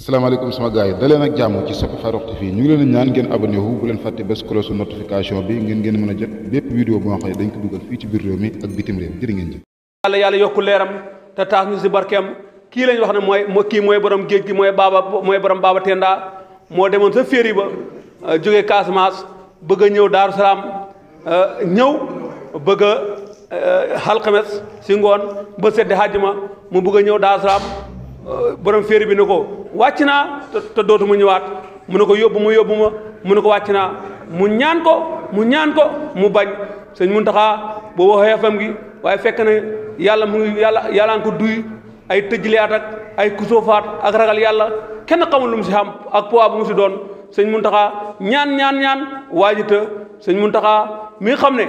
salaamaaleykum sama gars yi leen ak jàmm ci soppi Farokh TV fii ñu ngi leen ñaan ngeen abonné wu bu leen fàtte bés cloche su notification bi ngeen ngeen mën a jot bépp vidéo boo xam dañ ko dugal fii ci biir réew mi ak bitim réew jërë ngeen jëf. yàlla yàlla yokku leeram te taas ñu si barkeem kii lañ wax ne mooy kii mooy borom géej gi mooy baaba mooy borom baaba Tenda moo demoon sa féeri ba euh, jógee Casamance bëgg a ñëw Daaru Salaam euh, ñëw bëgg a euh, alxames si ngoon ba sedd hajj ma bëgg ñëw Daaru Salaam borom féeri bi ne ko wàcc naa te dootu mu ñëwaat mu ne ko yóbbu ma yóbbu ma mu ne ko wàcc naa mu ñaan ko mu ñaan ko mu bañ sëñ mun boo waxee fam gi waaye fekk na yàlla mu ngi yàlla yàlla ko duy ay tëjliyaat ak ay kusoofaat ak ragal yàlla kenn xamul mu si xam ak poids bu mu si doon sëñ Muntaxa ñaan ñaan ñaan waajita sëñ taxaa mi xam ne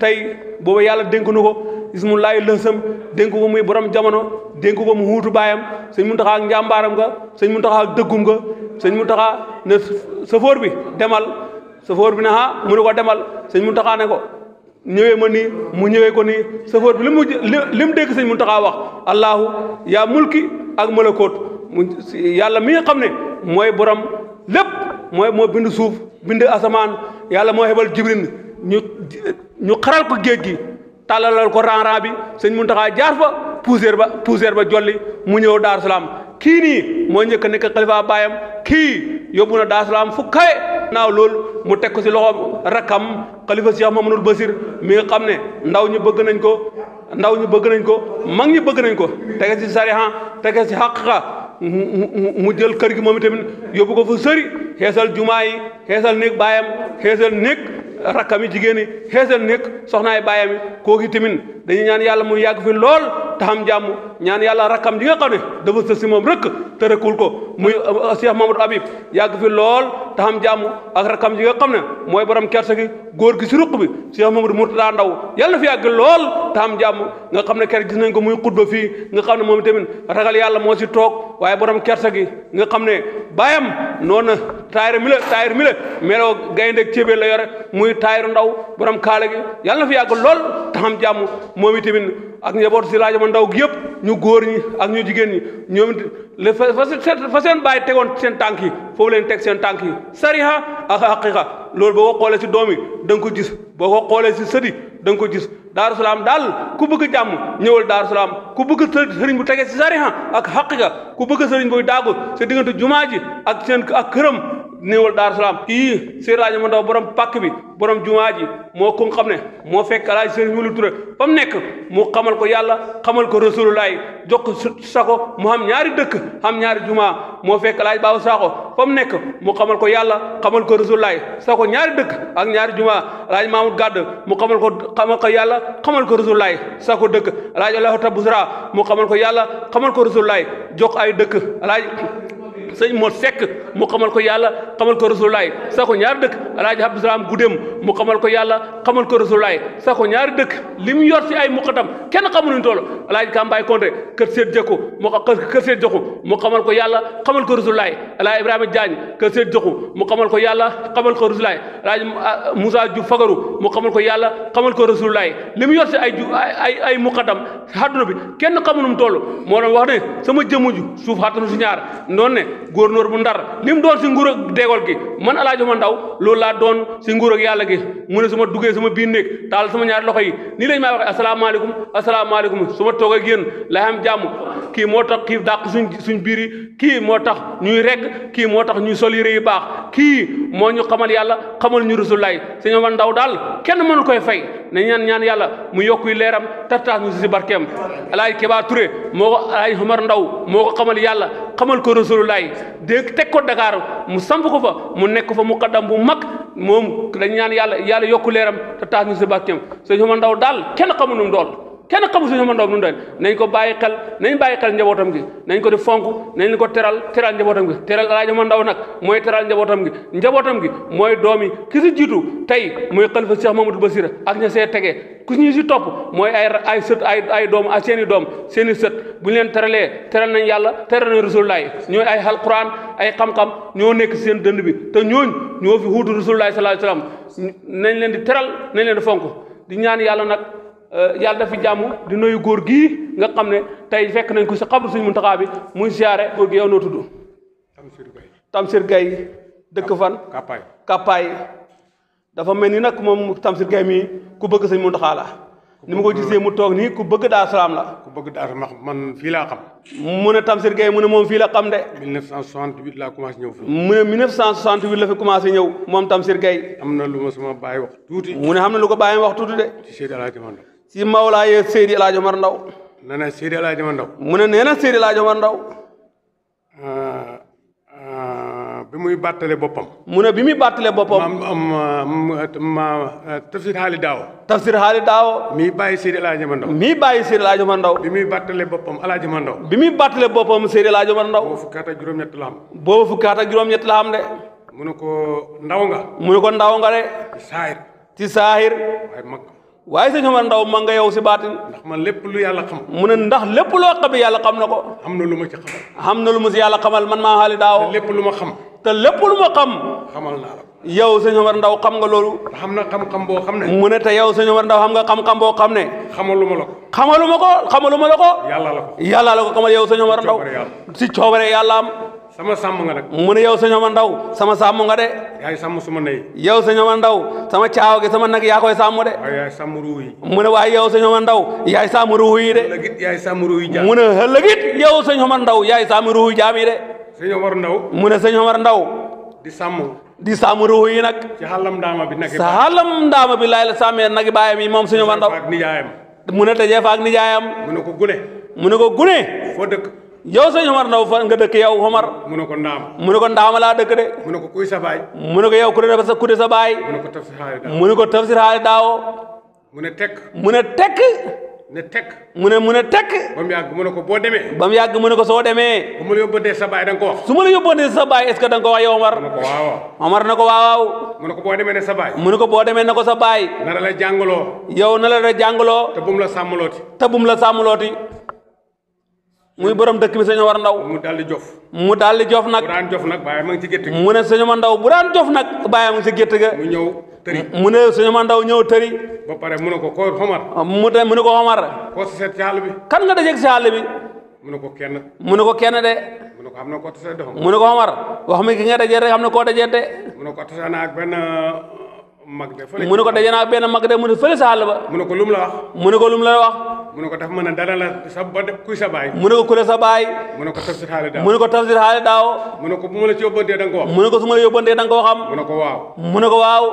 tey booba yàlla dénk na ko ismullahi lësëm dénk ko muy borom jamono dénk ko mu wuutu baayam sëñ Muntaxa ak njàmbaaram nga sëñ mu ak dëggum nga sëñ mu Muntaxa ne safoor bi demal safoor bi na ah mu ne demal sëñ Muntaxa ne ko ñëwee ma nii mu ñëwee ko nii safoor bi li mu li mu dégg sëñ Muntaxa wax allahu yaa mulki ak malakoot yàlla mi nga xam ne mooy borom lépp mooy moo bind suuf bind asamaan yàlla moo xebal jibril ñu ñu xaral ko géej gi talalal ko ranra bi seigne muntaha jarfa pousser ba pousser ba jolli mu ñew dar salam ki ni mo ñeek nek khalifa bayam ki yobuna dar salam fu kay naaw lol mu tek ko ci loxom rakam khalifa cheikh mamadou basir mi nga xamne ndaw ñu bëgg nañ ko ndaw ñu bëgg nañ ko mag ñu bëgg nañ ko tege ci sariha tege ci haqqa mu jël kër gi momi tamit yobugo fu seri hessel jumaa yi hessel nek bayam hessel nek rakkam yi jigéen yi xeesal nekk soxnaay baayam yi kooku tamit dañuy ñaan yàlla mu yàgg fi lool te xam jàmm ñaan yàlla rakkam ji nga xam ne dafa sës si moom rëkk te rëkkul ko muy euh, euh, Cheikh Mamadou Habib yàgg fi lool te xam jàmm ak rakkam ji nga xam ne mooy borom kersa gi góor gi si ruq bi Cheikh Mamadou Mourtada Ndaw yàlla fi yàgg lool te xam jàmm nga xam ne ker gis nañ ko muy xutba fi nga xam ne moom tamit ragal yàlla moo si toog waaye borom kersa gi nga xam ne bàyyam noonu na taayir mi la taayir mi la meloo gaynde cébee la yore muy taayiru ndaw borom kaala gi yàlla na ak njaboot si rajo ma ndaw gi yëpp ñu góor ñi ak ñu jigéen ñi ñoom it le fa fa seen bàyyi tegoon seen tànk yi foofu leen teg seen tànk yi sariha ak xaqiqa loolu boo ko xoolee si doom yi da ko gis boo ko xoolee si sëdi da nga ko gis daaru salaam daal ku bëgg jàmm ñëwal daaru salaam ku bëgg sëriñ bu tegee si sariha ak xaqiqa ku bëgg sëriñ buy daagu si diggante jumaa ji ak seen ak këram نیول دار سلام کی سر راج مند و برم پاک بھی برم جمع آجی مو کن قم نے مو فیک کلائی سر مولو تورے پم نیک مو قمل کو یا اللہ قمل کو رسول اللہ جو کس ساکو مو ہم نیاری دک ہم نیاری جمع مو فیک کلائی باو ساکو پم نیک مو قمل کو یا اللہ قمل کو رسول اللہ ساکو نیاری دک اگ نیاری جمع راج مامود گاد مو قمل کو قمل کو یا اللہ قمل کو رسول اللہ ساکو دک راج اللہ حتب بزرا مو قمل کو یا اللہ کو رسول اللہ جو کائی دک sëñ moo sekk mu xamal ko yàlla xamal ko rasulaay sa ko ñaari dëkk alaaji abdu salaam guddeem mu xamal ko yàlla xamal ko rasulaay sa ko ñaari dëkk li mu yor si ay muqaddam kenn xamul ñu toll alaaji kambaay konte kër seet jëkku mu kër seet jëkku mu xamal ko yàlla xamal ko ibrahima jaañ kër seet jëkku mu xamal ko yàlla xamal ko rasulaay alaaji moussa ju fagaru mu xamal ko yàlla xamal ko rasulaay li mu yor si ay ay ay muqaddam àdduna kenn xamul tool toll moo doon wax ne sama jëmuju suuf xattanu su ñaar noonu ne gouverneur bu ndar li mu doon si nguur ak déegol gi man alaaji ma ndaw loolu laa doon si nguur yàlla gi mu ne su ma duggee sama biir néeg daal suma ñaar loxo yi nii lañ may waxee asalaamaaleykum asalaamaaleykum su ma toog ak yéen lay am jàmm kii moo tax kii dàq suñ suñ biir yi kii moo tax ñuy regg kii moo tax ñuy sol yére yu baax kii moo ñu xamal yàlla xamal ñu rasulaay sëñ ma ndaw daal kenn mënu koy fay ne ñaan ñaan yàlla mu yokk yi leeram tartaas ñu si barkeem alaaji moo ko alaaji Ndaw moo xamal yàlla xamal ko rasulullahi dégg teg ko Dakar mu samp ko fa mu nekk fa mu muqaddam bu mag moom dañ ñaan yàlla yàlla yokku leeram te taas ñu si bàkkeem sëñ ma ndaw daal kenn xamu nu mu doon kenn xamu suñu ko bàyyi xel nañ bàyyi xel njabootam gi nañ ko di fonk nañ ko teral teral njabootam gi teral alaaji ma ndaw nag mooy teral njabootam gi njabootam gi mooy doom yi ki si jiitu tey muy xalifa Cheikh Mamadou Basira ak ña see tegee ku ñu si topp mooy ay ay sët ay ay doom ak seen i doom seen i sët bu ñu leen teralee teral nañ yàlla teral nañ rasulullaay ñooy ay alquran ay xam-xam ñoo nekk si seen dënn bi te ñooñ ñoo fi huutu rasulullaay sallallahu alayhi wasallam nañ leen di teral nañ leen fonk di ñaan yàlla nag Euh, yàlla dafa jàmm di noyu góor gi nga xam ne tey fekk nañ ko si xabru suñu Muntaxa dëkk fan. Kapaay dafa mel ni nag moom Tamsir Gaye mu toog nii ku bëgg Daaru Salaam la. ku bëgg Daaru Salaam man mu ne Tamsir Gaye mu ne moom fii la xam de. 1968 laa commencé ñëw fii. mu ne 1968 la fi commencé ñëw moom Tamsir Gaye. na lu ma sama bàyyi wax tuuti. mu ne na lu ko bàyyi wax tuuti de. si mawlaaye Seydi El Hadj Omar Ndaw nee na Seydi El Hadj Ndaw mu ne nee na Seydi El Ndaw ah, ah, bi muy bàttale boppam mu ne bi muy bàttale boppam ma ah, tafsir xaali daawo tafsir xaali daawo mii bàyyi Seydi El Hadj Omar Ndaw bàyyi Seydi El Hadj Ndaw bi muy bàttale boppam El Hadj Omar Ndaw bi muy bàttale boppam Seydi El Hadj Omar Ndaw boobu fukkaat ak juróom-ñett la xam boobu fukkaat mu ne ko ndaw nga mu ne ko ndaw nga de ci saahir ci waaye sëñ Omar Ndaw ma nga yow si baatin ndax man lépp lu yàlla xam mu ne ndax lépp loo xam yàlla xam na ko am na lu ma ci am na lu ma si yàlla xamal man maa xaali daaw lépp lu ma xam te lépp lu ma xam xamal naa la yow sëñ Omar Ndaw xam nga loolu xam na xam-xam boo xam ne mu ne te yow sëñ Omar Ndaw xam nga xam kam boo xam ne xamalu ma la ko xamalu ma ko xamalu ma la ko yàlla la ko yàlla la ko xamal yow sëñ Omar Ndaw si coobare yàlla am sama sàmm nga nag. mu ne yow sëñ Omar Ndaw sama sàmm nga de. yaay sàmm suma ndey. yow sëñ Omar Ndaw sama caaw gi sama nag yaa koy sàmm de. waaye yaay sàmm ruuh yi. mu ne waaye yow sëñ Omar Ndaw yaay sàmm ruuh yi de. ëllëgit yaay sàmm ruuh yi jaam mu ne ëllëgit yow sëñ Omar Ndaw yaay sàmm ruuh yi jaam yi de. sëñ Omar Ndaw. mu ne sëñ Omar Ndaw. di sàmm. di sàmm ruuh yi nag. ci xàllam ndaama bi nag. sa xàllam ndaama bi laay la sàmmee nag baayam yi moom sëñ Omar Ndaw mu ne tëjee fa ak nijaayam mu ne ko gune mu ne ko gune foo dëkk yow sëñ Omar Ndaw fan nga dëkk yow Omar mu ne ko ndaama mu ne ko ndaama dëkk de mu ne ko kuy sa baay mu ne ko yow ku de sa ku de sa mu ne ko tafsir xaali daawo mu ne tek mu ne tekk ne tekk mu ne mu ne tekk ba mu ko boo demee ba mu yàgg mu ne ko soo demee su ma la yóbbandee sa baay da ko wax su ma la yóbbandee sa baay est-ce ko wax yow Omar na ko waawaaw mu ne ko boo demee ne sa baay mu ne ko boo demee na ko sa baay na la jàngaloo yow na la la jàngaloo te bum la sàmmalooti te bum la muy borom dëkk bi sëñ Omar Ndaw mu daal di jof mu daal di jof nag. bu daan jof nag bàyyi ma ngi ci gétt gi. mu ne sëñ Omar Ndaw bu daan jof nag bàyyi ma ngi ci gétt ga. mu ñëw tëri mu ne sëñ Omar Ndaw ñëw tëri. ba pare mu ne ko koo xomar. mu ne mu ne ko xomar. koo si seet ci àll bi. kan nga dajeeg si àll bi. mu ne ko kenn. mu ne ko kenn de. mu ne ko xam na koo tasee de mu ne ko xomar wax mi ki nga dajee rek xam na koo dajee de. mu ne ko tasee naa ak benn mag de fële. mu ne ko dajee naa ak benn mag de mu ne fële sa àll ba. mu ne ko lum la wax. mu ne ko lum la wax. mu ne ko dafa mën a dana la sa ba def kuy sa baay mu ne ko ku ne sa baay mu ne ko tafsir xaale wax mu ne ko su ma la yóbbantee da nga ko xam mu ne ko waaw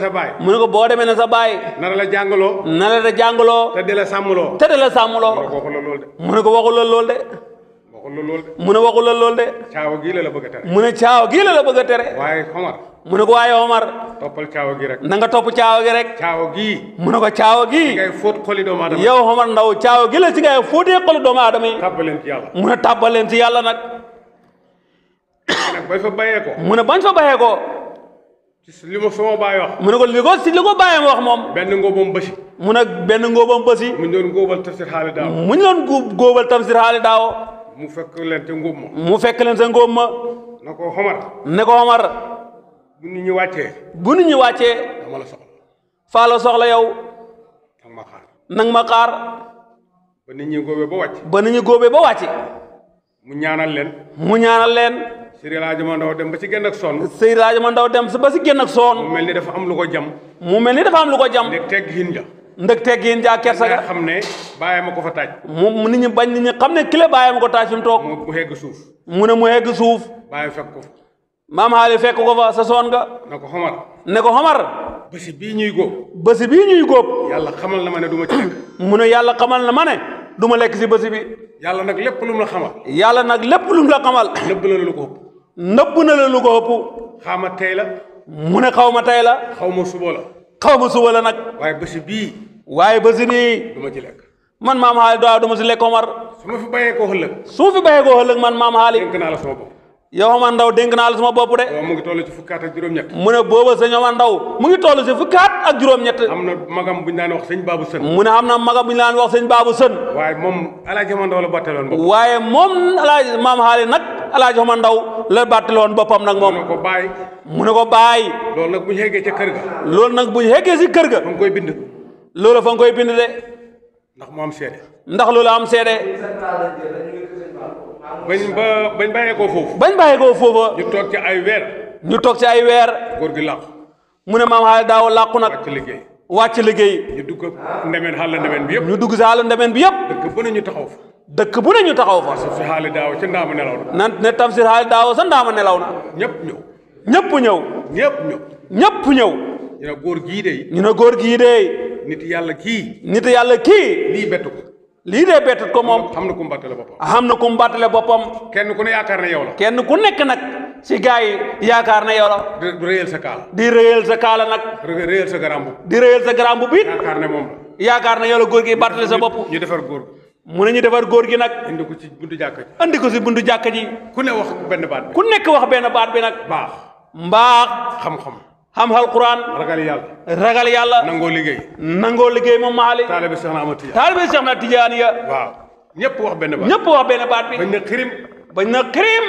sa baay mu ne ko boo demee ne sa baay nara la la jàngaloo te di la te di la sàmmloo mu ne ko waxul loolu de de waxul la lool de. mu ne waxul la lool de. caawa gii la la bëgg a tere. mu ne caawa gii la la bëgg a tere. waaye Omar. mu ne ko waaye Omar. toppal caawa gi rek. na nga topp caawa gi rek. caawa gii. mu ne ko caawa gii. ngay fóot xoli doomu aadama. yow Omar ndaw caawa gi la ci ngay fóotee xoli doomu aadama yi. tàbbaleen ci yàlla. mu ne tàbbaleen ci yàlla nag. bañ fa bayee ko. mu ne bañ fa bayee ko. li ma sama baay wax. mu ne ko li ko si li ko baayam wax moom. benn ngóobam bësi. mu ne benn ngóobam bësi. mu ñu doon góobal tafsir xaali daaw. mu ñu doon góobal tafsir xaali daaw. mu fekk leen te ngóob ma. mu fekk leen te ngóob ma. ne ko Omar. ne ko Omar. bu nit ñi wàccee. bu nu ñi wàccee. dama soxla. faa la soxla yow. nang ma xaar. nang ma xaar. ba nit ñi góobee ba wàcc. ba nit ñi góobee ba wàcc. mu ñaanal leen. mu ñaanal leen. Seydou a Mandaw dem ba si génn ak sonn. Seydou Hadj Mandaw dem ba si génn ak sonn. mu mel ni dafa am lu ko jam. mu mel ni dafa am lu ko jam. ne teggin ja. ndekte ak yeen jaar kersa ga xamne bayama ko fa taaj mo nit ñi bañ nit ñi xamne kile bayama ko taaj fim tok mu hegg suuf mu ne mu hegg suuf baye fekk ko mam haali fekk ko fa sa son nga nako xomar ne ko xomar bëssi bi ñuy goop bëssi bi ñuy goop yalla xamal na mané duma ci mu ne yalla xamal na mané duma lek ci bëssi bi yalla nak lepp lu mu la xamal yalla nak lepp lu mu la xamal nepp na la lu ko hop nepp na la lu ko hop xama tay la mu ne xawma tay la xawma subo la xawma subo la nak waye bëssi bi waaye ba si ma ci lekk. man maam xaali daaw du ma si lekk Omar. su ma fi bàyyee koo xëllëg. su ma fi bàyyee koo xëllëg man maam xaali. dénk naa la sama bopp. yow Omar Ndao dénk naa la sama bopp de. mu ngi toll si fukkaat ak juróom-ñett. mu ne booba sëñ Omar Ndao mu ngi toll ak juróom-ñett. am na magam bu ñu daan wax sëñ Baabu Sën. mu ne am na magam bu ñu daan wax sëñ Baabu Sën. waaye moom alaaji Omar Ndao la bàtteloon boppam. waaye moom alaaji maam xaali nag alaaji Omar ndaw la bàtteloon boppam nag moom. mu ne ko bàyyi. loolu nag bu ñu xeggee ca kër loolu nag bu ñu si kër ga. mu ngi koy bind. لو لو فنگو سیرے nit yalla ki nit yalla ki li betu ko li de betu ko mom xamna ku mbattale bopam xamna ku mbattale bopam kenn ku ne yakar na yow la kenn ku nek nak ci gaay yakar na yow la di reyel sa kala di reyel sa kala nak reyel sa grambu di reyel sa grambu bi yakar na mom yakar na yow la gor gi battale sa bop ñu defar gor mu ne ñu defar gor gi nak andi ko ci buntu jakka ji andi ko ci buntu jakka ji ku ne wax ben baat bi. ku nek wax ben baat bi nak baax mbaax xam xam xam alquran ragal yàlla ragal yàlla nangoo liggéey nangoo liggéey moom maali taalibe Cheikh na Amadu Tijaan taalibe Cheikh na Tijaan ya waaw ñëpp wax benn baat ñëpp wax benn baat bi bañ na xirim bañ na xirim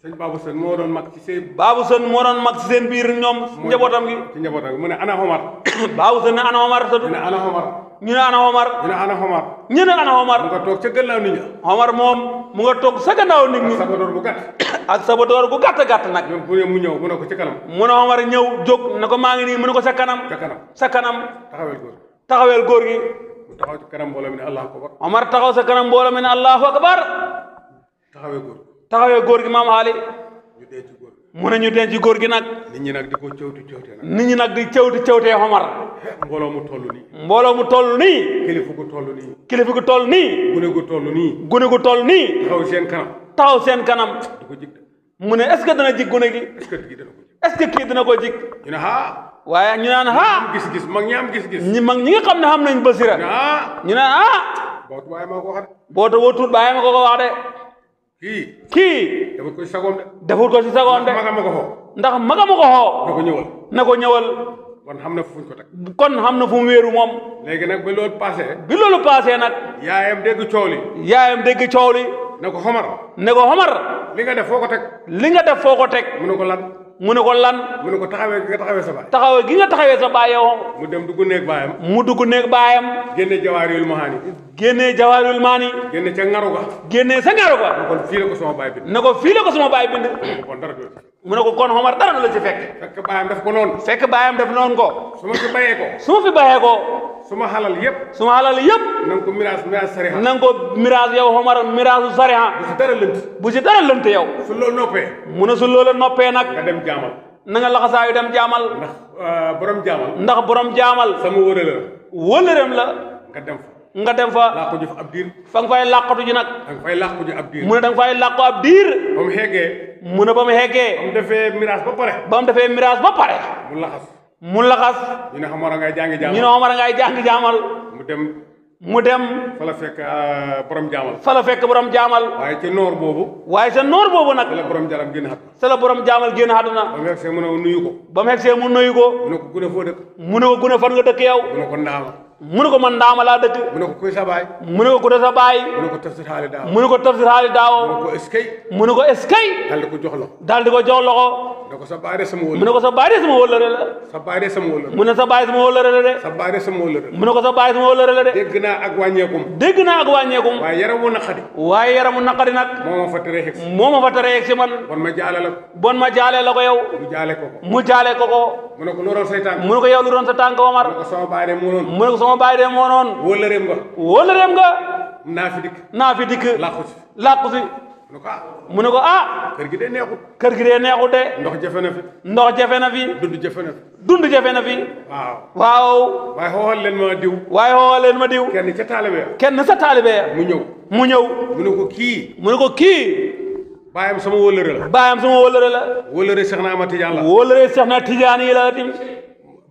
sëñ Babou Sën moo doon mag ci seen Babou Sën moo doon mag ci seen biir ñoom njabootam gi ci njabootam gi mu ne ana Omar Babou Sën ne ana Omar satu ne ana Omar ñu ne ana Omar ñu ne ana Omar ñu ne ana Omar mu nga toog ca gannaaw nit ña Omar moom mu nga toog sa gannaaw nit ñi. ak sabotoor bu gàtt. ak sabotoor bu gàtt nag. même bu mu ñëw mu ne ko ci kanam. mu ne Omar ñëw jóg na ko maa ngi mu ne ko sa kanam. sa kanam sa kanam. taxawel góor taxawel góor gi. taxaw sa kanam mbooloo mi ne Allahu taxaw sa kanam mbooloo mi ne Allahu akbar. taxawee góor taxawee góor gi maam Ali. mu ne ñu denc góor gi nag. nit ñi nag di ko cawti cawtee nag. nit ñi nag di cawti cawtee Omar. mbooloo mu toll nii. mbooloo mu toll nii. kilifa gu toll nii. kilifa gu toll nii. gune gu toll nii. gune gu toll nii. taxaw seen kanam. taxaw seen kanam. mu ne est-ce que dana jig gune gi. est-ce que kii dana ko jig. est-ce que kii dina ko jig. ñu ne ah. waaye ñu naan ah. gis-gis mag ñi am gis-gis. ñi mag ñi nga xam ne xam nañ basira. ñu naan ah. bootu bàyyi ma ko wax de. bootu bootu bàyyi ma ko ko wax de. kii kii. defut ko si sagoom de. defut ko si sagoom de ndax magama ko xoo. ndax magama ko xoo. na ko ñëwal na ko ñëwal. kon xam na fu ko teg. kon xam na fu mu wéeru moom. léegi nag bi loolu paasee. bi loolu paase nag. yaayam dégg coow li. yaayam dégg coow li. ne ko xomar. ne ko xomar. li nga def foo ko teg. li nga def foo ko teg. mu ne ko lan. mu ne ko lan. mu ne ko taxawee gi nga taxawee sa baay. taxawee gi nga taxawee sa baay yow. mu dem dugg néeg baayam. mu dugg néeg baayam. génne jawaariyul maani. génne jawaariyul maani. génne ca ngaru ga. génne sa ngaru ga. ne ko fii la ko sama baay bind. ne ko fii la ko sama baay bind. kon dara mu ne ko kon Omar dara du la ci fekk. fekk baayam def ko noonu. fekk baayam def noonu ko. su ma fi bàyyee ko. su fi bàyyee ko. su ma xalal yëpp. su ma xalal yëpp. na nga ko miraas miraas sariha. na nga ko miraas yow Omar miraasu sariha. bu si dara lënt. bu si dara lënt yow. su loolu noppee. mu ne su loolu noppee nag. nga dem jaamal. na nga laxasaayu dem jaamal. ndax euh, borom jaamal. ndax borom jaamal. sama wërëlam. wërëlam la. nga dem fa. nga dem fa làqu ji fa ab diir fay làqatu ji nag da nga fay làqu ji ab diir mu ne da fay làqu ab diir ba mu xeggee mu ne ba mu xeggee ba mu defee miraas ba pare mu defee miraas ba pare mu laxas mu laxas mu dem mu dem fa fekk euh, borom jaamal fa la fekk borom jaamal waaye ca noor boobu waaye ca noor boobu nag sa la borom jaamal génn génn àdduna ba mu ko ba mu xegsee mu nuyu ko mu ne gune foo dëkk mu ne ko gune fan nga dëkk yow mu ne mu ne ko man ndaama laa dëkk. mu ne ko kuy sa baay. mu ne ko ku da sa baay. mu ne ko tafsir xaali daaw. mu ne ko tafsir xaali daaw. mu ne ko eskay. mu ne ko eskay. daal di ko jox loxo. daal di ko jox loxo. mu ne ko sa baay de sama wóllare. mu ne ko sa baay de sama wóllare la. sa baay de sama wóllare. mu ne sa baay sama wóllare la de. sa baay de sama wóllare la. mu ne ko sa baay sama wóllare la de. dégg naa ak wàññeekum. dégg naa ak wàññeekum. waaye yaramu naqari. waaye yaramu naqari nag. moo ma fa teree yegg si. moo ma fa teree yegg si man. bon ma jaale la ko. bon ma jaale la ko yow. mu jaale ko ko. mu jaale ko ko. mu ne ko lu doon say tànk. mu ne ko yow lu doon sa tànk Omar. mu ne ko sama baay de mu noonu. moo bàyyi de moo noonu. wóolareem nga. wóolareem nga. naa fi laqusi naa fi dikk. ah. kër gi de neexut. kër gi de neexut de. ndox jafe na fi. ndox jafe fi. dund jafe fi. dund jafe fi. waaw. waaw. waaye xool len ma diw. waaye xool len ma diw. kenn ca taalibe kenn sa taalibe mu ñëw. mu ñëw. mu ne ko kii. mu sama wóolare la. baayam sama wóolare la. wóolare Seex na Ahmad Tijaan la. wóolare na Tijaan la tamit.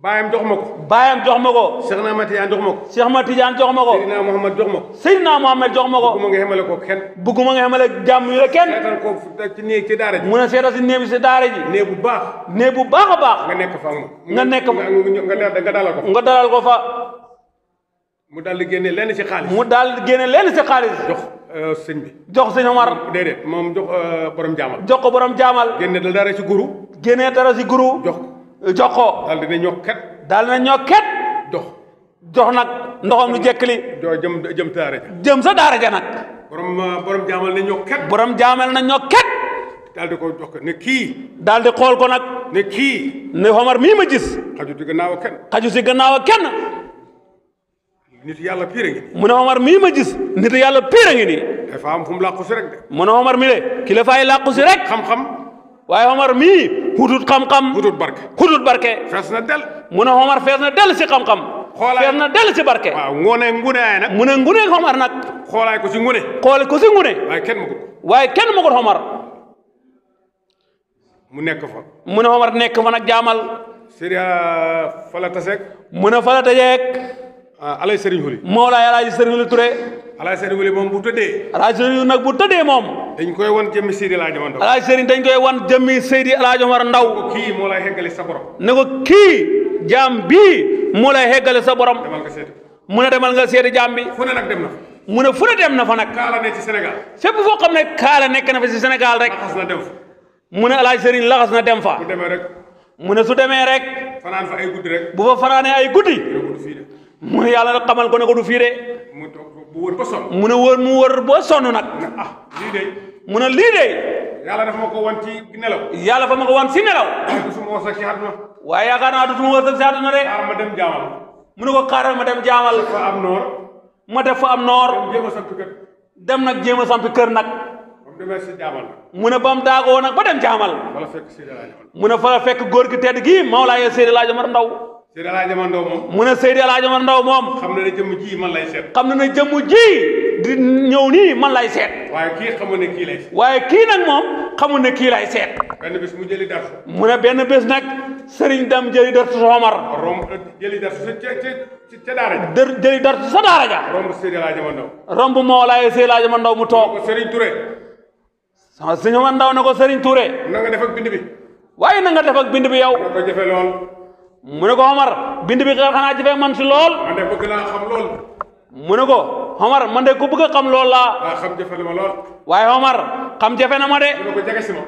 baayam jox ma ko. baayam jox ma ko. Cheikh na Ahmad Tidiane jox ma ko. Cheikh Ahmad Tidiane jox ma ko. Seydina Mohamed jox ma ko. Seydina Mohamed jox ma ko. bëgguma nga xamale ko kenn. bëgguma nga xamale jàmm yu la kenn. seetal ko ci néeg ci daara ji. mu ne seetal si néeg bi si daara ji. néeg bu baax. néeg bu baax a baax. nga nekk fa nga nekk nga dalal ko fa. nga dalal ko fa. mu daal di génne lenn ci xaalis. mu daal di génne lenn ci xaalis. jox euh, sëñ bi. jox sëñ Omar. déedéet moom jox euh, borom jaamal. jox ko borom jaamal. génne dara ci guru. génne dara ci guru. jox ko. jox ko. daal dina ñokket. daal dina ñokket. dox dox nag ndoxam lu jekk li. jëm jëm jëm sa daara ja nag. borom ah, borom jaamal na ñokket. borom na ñokket. daal di ko jox ko kii. daal di xool ko nag. ne kii. ne Omar mii ma gis. xaju si gannaaw kenn. xaju si gannaaw kenn. nit yàlla pire ngi nii. mu ne Omar mii ma gis. nit yàlla pire ngi nii. dafa rek de. mu ne Omar mi le. ki rek. xam-xam. mii. hutut xam-xam hutut barke hutut barke fees na del mu ne Omar fees na del si xam-xam xoolaay fees na del si barke waaw ngoone ngune ay nag mu ne ngune Omar nag xoolaay ko si ngune xool ko si ngune waaye kenn magut waaye kenn magut Omar nekk fa mu ne Omar nekk fa nag jaamal sëriñ ah, fala taseek mu ne fala taseek ah, alay sëriñ Xuli Mawlaay Alaaji Sëriñ Xuli Ture alaaj sëriñ wuli moom bu tëddee alaaj sëriñ nag bu tëddee moom dañ koy wan jëmmi Seydi Alaaji Omar Ndaw alaaj dañ koy wan jëmmi Seydi Alaaji Omar Ndaw kii moo lay heggale sa borom ne ko kii jaam bii moo lay heggale sa borom demal nga seeti mu ne demal nga seeti jaam bi fu ne nag dem na mu ne fu dem na fa nag kaala ne ci Sénégal foo xam ne kaala nekk na fa ci Sénégal rek laxas na dem fa mu ne alaaj sëriñ laxas na dem fa mu ne su demee rek fanaan fa ay guddi rek bu fa fanaanee ay guddi mu ne yàlla xamal ko ne ko du fii de mu ne wër mu wër ba sonn nag mu ne ah, lii de yalla dafa mako won ci nelaw yàlla dafa ma ko wan si nelaw wa ya gana du suma wërsëg si àdduna de xaaral ma dem jaamal mu ne ko xaaral ma dem jamal fa am nor ma def fa am noor dem nak jema a sampi kër nak mu ne ba mu daagoo ba dem jamal mu ne fa la fekk góor gi tedd gii Mawlaaya Seydi Laaji Omar Ndaw Seydi El Hadji Omar Ndaw moom. mu ne Seydi El Ndaw moom. xam na ne jëmm ji man lay seet. xam na ne jëmm ji di ñëw nii man lay seet. waaye kii xamul ne kii lay seet. waaye kii nag moom xamul ne kii lay seet. benn bés mu jëli dars. mu ne benn bés nag Serigne Dame jëli darsu Omar. romb eh, jëli darsu sa ca ca ca daara ja. dër jëli darsu sa daara ja. romb Seydi El Hadji Ndaw. mu toog. Serigne Touré. sama Sëñ Ndaw ne ko Serigne Touré. na nga def ak bind bi. waaye na nga def ak bind bi yow. na lool. mu ne ko Omar bind bi xanaa jafe man si lool. man de bëgg naa mu ne ko Omar man de ku bëgg a xam lool laa. ah xam jafe na waaye Omar xam jafe na ma de. mu ne ko jege si ma.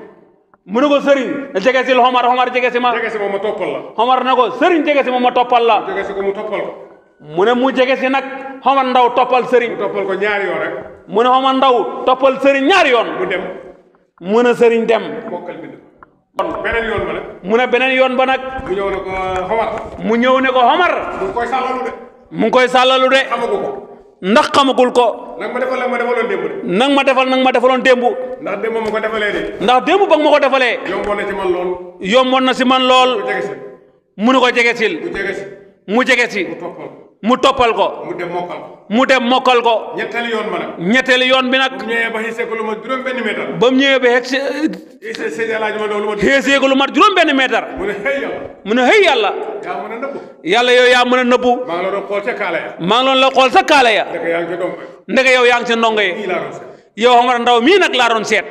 mu ne ko sëriñ jege si la Omar ma. jege si ma ma toppal la. Omar ne jege si ma ma toppal la. mu toppal ko. mu ne mu jege si nag Omar ndaw toppal sëriñ. mu toppal ko ñaari yoon mu ne ndaw toppal sëriñ ñaari yoon. mu dem. mu ne sëriñ dem. kon beneen yoon ba mu ne beneen yoon ba nag. mu ñëw ne ko Omar. mu ñëw ne ko Omar. mu ngi koy sàllalu de. mu ko. ndax xamagul ko. nag ma defal nag ma defaloon démb de. ma defal nag ma defaloon démb. ndax démb ma ko defalee de. ndax démb ba ma ko defalee. yomboon na ci man lool. yomboon na si man lool. mu ne ko jege mu jege si. mu jege si. mu topal ko mu dem mokal ko mu dem mokal ko ñettel yoon ma nak ñettel yoon bi nak ñewé ba xeesee ko luma juroom benn juróom bam ñewé ba sey juma do luma xeesee ko luma juroom benn meetar mu ne hey hey mu mu ne ya ne yàlla yalla yow ya mu ne nëbbu ma ngi do xol sa kala ya ma ngi la xol sa kala ya, ya. ndega ya. yow yaang ci ndonga ya. yi yow xam nga ndaw mi nak la ron set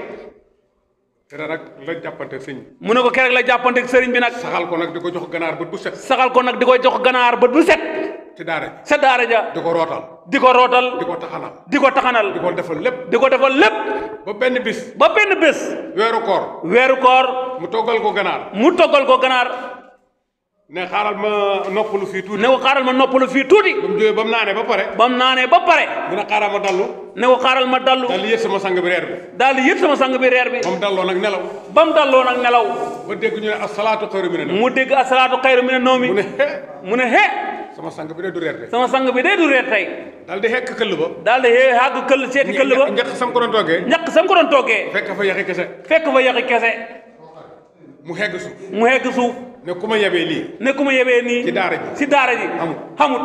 kera rek la jappante señ mu ne ko kera rek la jàppante señ bi nak saxal ko nak diko jox ganar bët bu set saxal ko nak diko jox ganar bët bu set ci daara ja sa daara di ko rootal di ko rootal di taxanal di ko taxanal di ko defal lépp di ko defal lépp ba benn bis ba benn bis weeru koor weeru koor mu toggal ko ganaar mu toggal ko ganaar ne xaaral ma noppalu fii ne ko xaaral ma noppalu fii tuuti ba mu jógee ba mu naanee ba pare ba mu naanee ba pare mu ne xaaral ma dallu ne ko xaaral ma dallu daal di yët sama sang bi reer bi dal di yët sama sang bi reer bi ba mu dalloo nag nelaw ba mu dalloo nag ba dégg ñu ne asalaatu xayru mi ne mu noomi mu mu ne he sama sang bi de du reer tey. sama sang de du reer tey. daal di xekk këll ba. daal di xàgg këll seeti këll ba. ñàkk sam ko doon toggee. ñàkk sam ko doon toggee. fekk fa yaxi kese. fekk fa yaxi kese. mu xegg suuf. mu xegg suuf. ne ku ma yebee lii. ne ku ma yebee nii. ci daara ji ci daara ji. xamut xamut.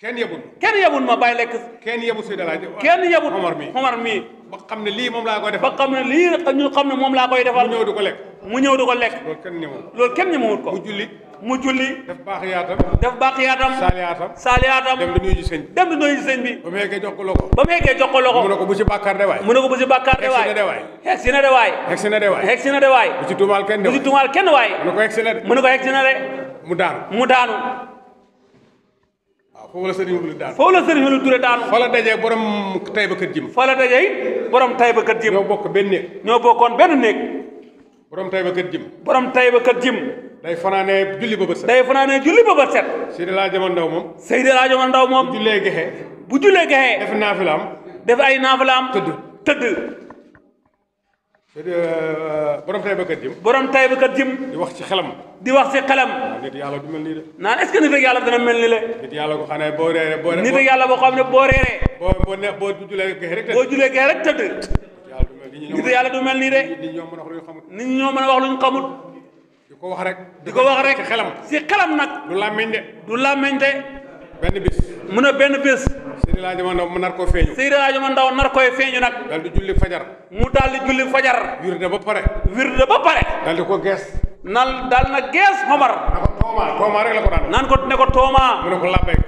kenn yebul. kenn yebul ma bàyyi lekk. kenn yebul Seydou Alaaji. kenn yebul Omar mii Omar mii. ba xam ne lii moom laa koy defal. ba xam ñu xam ne moom laa koy defal. mu ñëw du ko lekk. mu ñëw du ko lekk. loolu kenn ñemewul. loolu kenn ñemewul ko. mu mu julli. def baaxiyaatam. def baaxiyaatam. saaliyaatam. saaliyaatam. dem di nuyu ji sëñ bi. dem di nuyu ji sëñ bi. ba mu yeggee jox ko ba mu yeggee jox ko mu ne ko bu ci bàkkaar de waay. mu ne ko bu ci bàkkaar de waay. xeex si na de waay. xeex si na de waay. xeex si na de waay. bu ci tuumaal kenn waay. mu ne na mu ne ko xeex si na de. mu daanu. mu daanu. waaw foofu la sëriñ Wulu daanu. foofu la sëriñ Wulu Touré daanu. fa la dajee borom Taïba Kër Jim. fa la dajee borom Taïba Kër Jim. ñoo bokk benn néeg. ñoo bokkoon benn néeg borom tayba kat jim borom tayba kat jim day fanane julli ba beuse day fanane julli ba beuse seydi la jamon ndaw mom seydi la jamon ndaw mom julle gehe bu julle gehe def nafilam def ay nafilam teud teud seydi borom tayba kat jim borom tayba kat jim di wax ci xelam di wax ci xelam nit yalla du melni de nan est ce que nit yalla dana melni le nit yalla ko xane bo reere bo reere nit yalla bo xamne bo reere bo bo ne bo julle gehe rek teud bo julle gehe rek teud nitu yalla du melni nii de nit ñoo mëna wax lu ñu xamut di wax rek di wax rek ci xelam ci xelam nak du làmmiñ de du làmmiñ de bis mëna ben bis Seydi la ma ndaw mu nar koo feeñu Seydi Laaji ndaw nar koy feñu nak dal di julli fajar mu dal di julli fajar wirde ba pare wirde ba pare dal di ko ges nal dal na ges Omar na ko tooma rek la ko daan ko ne ko toma mu ne ko labbe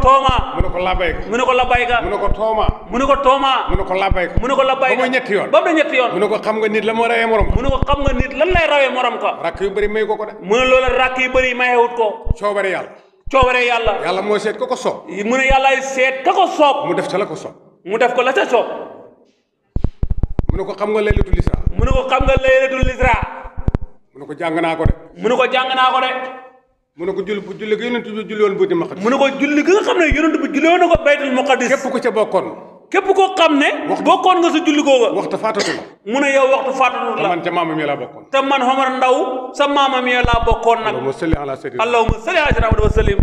tooma mu ne ko labayka mu ne ko labayka mu ne ko tooma mu ne ko tooma mu ne ko labayka mu ne ko labayka ba muy ñetti yoon ba muy ñetti yoon mu ne ko xam nga nit la moo rawee morom mu ne ko xam nga nit lan lay rawee morom ka rakk yu bëri may ko ko de mu ne loola rakk yu bëri mayewut ko coobare yàlla coobare yàlla yàlla mooy seet ka ko soob mu ne yàllaay seet ka ko soob mu def ca la ko soob mu def ko la ca soob mu ne ko xam nga laylatul isra mu ne ko xam nga laylatul isra mu ne ko jàng naa ko de mu ne ko jàng naa ko de mu ne ko julli julli ga yonent bi julli woon baytul maqdis mu ne ko julli ga nga xam ne yonent bi julli woon na ko baytul maqdis képp ku ca bokkoon képp koo xam ne bokkoon nga sa julli googa waxtu faatatu la mu ne yow waxtu faatatu la man ca maamam ya laa bokkoon te man Omar Ndaw sa maamam ya laa bokkoon nag allahumma salli ala sayyidina allahumma salli ala sayyidina wa sallim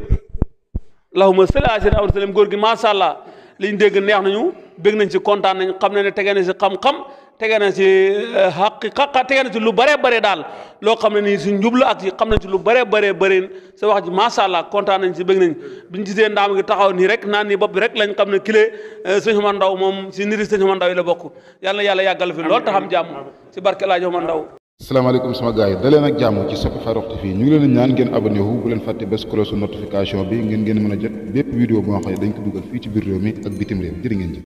allahumma salli ala sayyidina wa sallim góor gi macha allah liñ dégg neex nañu bég nañ ci kontaan nañ xam ne ne tegee na si xam-xam tege na ci eh, xaqiqa tege na ci lu bare bëri daal loo xam ne nii suñ njublu ak si xam nañ ci lu bare bëree bëri sa wax ji macha allah kontaan nañ si bëgg nañ biñ gisee ndaam gi taxaw nii rek naan nii bopp rek lañ xam ne kile eh, sëñ Oumar Ndao moom si niri sëñ Oumar Ndao yi la bokk yàlla yàlla yàggal fi loolu taxam jàmm si barke El Hadj Oumar Ndao. salaamaaleykum sama gars yi daleen ak jàmm ci Sope Farokh TV ñu leen ñaan ngeen abonné bu leen fàtte bés cloche su notification bi ngeen ngeen mën a jot bépp vidéo boo xam ne mi ak bitim réew jërë ngeen